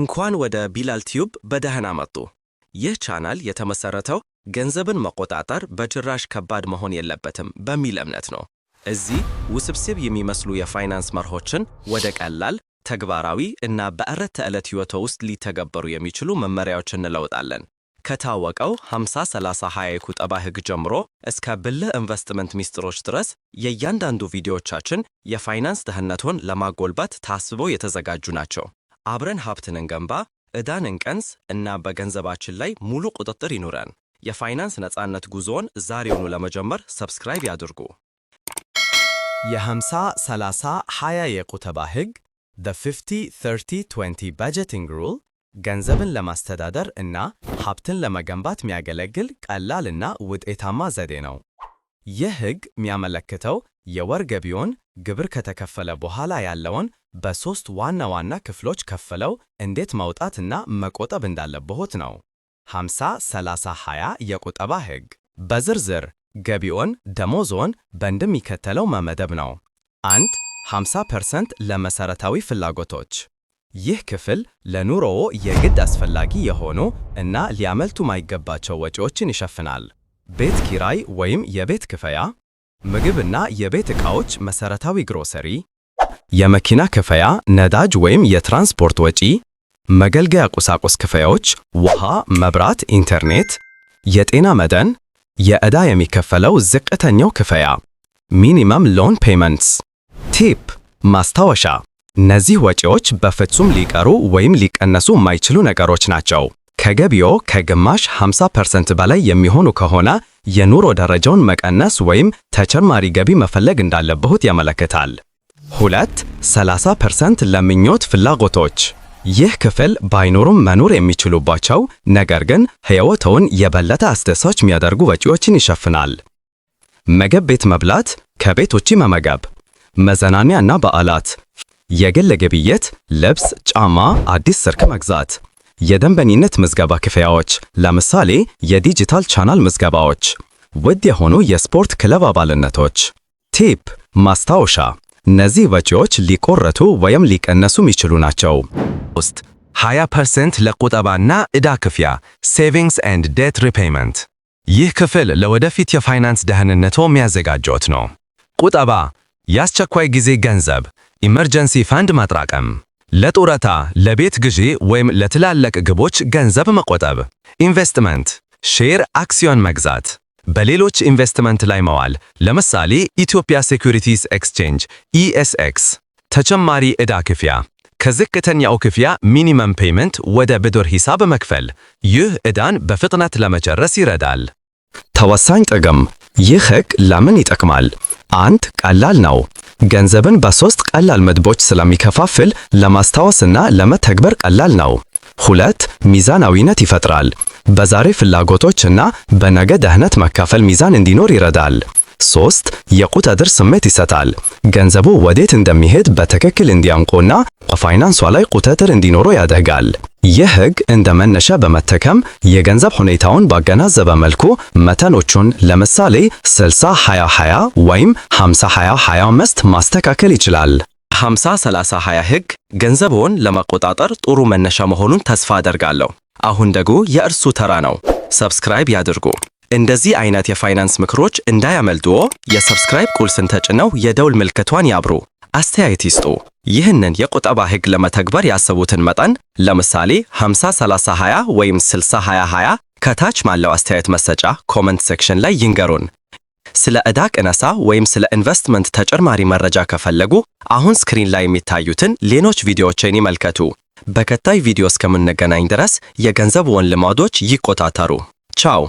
እንኳን ወደ ቢላል ቲዩብ በደህና መጡ። ይህ ቻናል የተመሰረተው ገንዘብን መቆጣጠር በጭራሽ ከባድ መሆን የለበትም በሚል እምነት ነው። እዚህ ውስብስብ የሚመስሉ የፋይናንስ መርሆችን ወደ ቀላል፣ ተግባራዊ እና በዕለት ተዕለት ሕይወቶ ውስጥ ሊተገበሩ የሚችሉ መመሪያዎች እንለውጣለን። ከታወቀው 50 30 20 ቁጠባ ሕግ ጀምሮ እስከ ብልህ ኢንቨስትመንት ሚስጥሮች ድረስ የእያንዳንዱ ቪዲዮዎቻችን የፋይናንስ ደህንነቶን ለማጎልባት ታስበው የተዘጋጁ ናቸው። አብረን ሀብትን እንገንባ፣ ዕዳን እንቀንስ እና በገንዘባችን ላይ ሙሉ ቁጥጥር ይኑረን። የፋይናንስ ነፃነት ጉዞውን ዛሬውኑ ለመጀመር ሰብስክራይብ ያድርጉ። የ50 30 20 የቁተባ ህግ The 50 30 20 Budgeting Rule ገንዘብን ለማስተዳደር እና ሀብትን ለመገንባት የሚያገለግል ቀላልና ውጤታማ ዘዴ ነው። ይህ ህግ የሚያመለክተው የወር ገቢውን ግብር ከተከፈለ በኋላ ያለውን በሦስት ዋና ዋና ክፍሎች ከፍለው እንዴት ማውጣትና መቆጠብ እንዳለብዎት ነው። 50 30 20 የቁጠባ ሕግ በዝርዝር ገቢዎን፣ ደሞዝዎን በእንደሚከተለው መመደብ ነው። አንድ 50% ለመሰረታዊ ፍላጎቶች ይህ ክፍል ለኑሮዎ የግድ አስፈላጊ የሆኑ እና ሊያመልጡ ማይገባቸው ወጪዎችን ይሸፍናል። ቤት ኪራይ ወይም የቤት ክፈያ፣ ምግብና የቤት ዕቃዎች መሰረታዊ ግሮሰሪ፣ የመኪና ክፈያ፣ ነዳጅ ወይም የትራንስፖርት ወጪ፣ መገልገያ ቁሳቁስ ክፍያዎች፣ ውሃ፣ መብራት፣ ኢንተርኔት፣ የጤና መደን፣ የዕዳ የሚከፈለው ዝቅተኛው ክፍያ ሚኒመም ሎን ፔመንትስ። ቲፕ ማስታወሻ፣ እነዚህ ወጪዎች በፍጹም ሊቀሩ ወይም ሊቀነሱ የማይችሉ ነገሮች ናቸው። ከገቢዎ ከግማሽ 50% በላይ የሚሆኑ ከሆነ የኑሮ ደረጃውን መቀነስ ወይም ተጨማሪ ገቢ መፈለግ እንዳለብዎት ያመለክታል። ሁለት 30 ፐርሰንት ለምኞት ፍላጎቶች ይህ ክፍል ባይኖሩም መኖር የሚችሉባቸው ነገር ግን ሕይወትዎን የበለጠ አስደሳች የሚያደርጉ ወጪዎችን ይሸፍናል። ምግብ ቤት መብላት፣ ከቤት ውጪ መመገብ፣ መዝናኛ እና በዓላት፣ የግል ግብይት፣ ልብስ፣ ጫማ፣ አዲስ ስልክ መግዛት፣ የደንበኝነት ምዝገባ ክፍያዎች፣ ለምሳሌ የዲጂታል ቻናል ምዝገባዎች፣ ውድ የሆኑ የስፖርት ክለብ አባልነቶች። ቲፕ ማስታወሻ እነዚህ ወጪዎች ሊቆረቱ ወይም ሊቀነሱ የሚችሉ ናቸው። ውስጥ 20% ለቁጠባና ዕዳ ክፍያ ሴቪንግስ ኤንድ ዴት ሪፔይመንት። ይህ ክፍል ለወደፊት የፋይናንስ ደህንነቶ የሚያዘጋጆት ነው። ቁጠባ፣ የአስቸኳይ ጊዜ ገንዘብ፣ ኢመርጀንሲ ፈንድ ማጥራቀም፣ ለጡረታ፣ ለቤት ግዢ ወይም ለትላልቅ ግቦች ገንዘብ መቆጠብ። ኢንቨስትመንት፣ ሼር፣ አክሲዮን መግዛት በሌሎች ኢንቨስትመንት ላይ መዋል፣ ለምሳሌ ኢትዮጵያ ሴኩሪቲስ ኤክስቼንጅ ኢኤስኤክስ። ተጨማሪ ዕዳ ክፍያ፣ ከዝቅተኛው ክፍያ ሚኒመም ፔይመንት ወደ ብድር ሂሳብ መክፈል። ይህ ዕዳን በፍጥነት ለመጨረስ ይረዳል። ተወሳኝ ጥቅም፣ ይህ ሕግ ለምን ይጠቅማል? አንድ ቀላል ነው። ገንዘብን በሶስት ቀላል ምድቦች ስለሚከፋፍል ለማስታወስና ለመተግበር ቀላል ነው። ሁለት ሚዛናዊነት ይፈጥራል። በዛሬ ፍላጎቶች እና በነገ ደህነት መካፈል ሚዛን እንዲኖር ይረዳል። ሶስት የቁጥጥር ስሜት ይሰጣል። ገንዘቡ ወዴት እንደሚሄድ በትክክል እንዲያውቁና በፋይናንሷ ላይ ቁጥጥር እንዲኖሩ ያደርጋል። ይህ ሕግ እንደ መነሻ በመጠቀም የገንዘብ ሁኔታውን ባገናዘበ መልኩ መተኖቹን ለምሳሌ 60 20 20 ወይም 50 20 25 ማስተካከል ይችላል። 50 30 20 ህግ ገንዘብዎን ለመቆጣጠር ጥሩ መነሻ መሆኑን ተስፋ አደርጋለሁ። አሁን ደግሞ የእርሱ ተራ ነው። ሰብስክራይብ ያድርጉ። እንደዚህ አይነት የፋይናንስ ምክሮች እንዳያመልጥዎ የሰብስክራይብ ቁልስን ተጭነው የደውል ምልክቷን ያብሩ። አስተያየት ይስጡ። ይህንን የቁጠባ ህግ ለመተግበር ያሰቡትን መጠን ለምሳሌ 50 30 20 ወይም 60 20 20 ከታች ባለው አስተያየት መሰጫ ኮመንት ሴክሽን ላይ ይንገሩን። ስለ ዕዳ ቅነሳ ወይም ስለ ኢንቨስትመንት ተጨማሪ መረጃ ከፈለጉ አሁን ስክሪን ላይ የሚታዩትን ሌሎች ቪዲዮዎችን ይመልከቱ። በከታይ ቪዲዮ እስከምንገናኝ ድረስ የገንዘብ ወን ልማዶች ይቆጣጠሩ። ቻው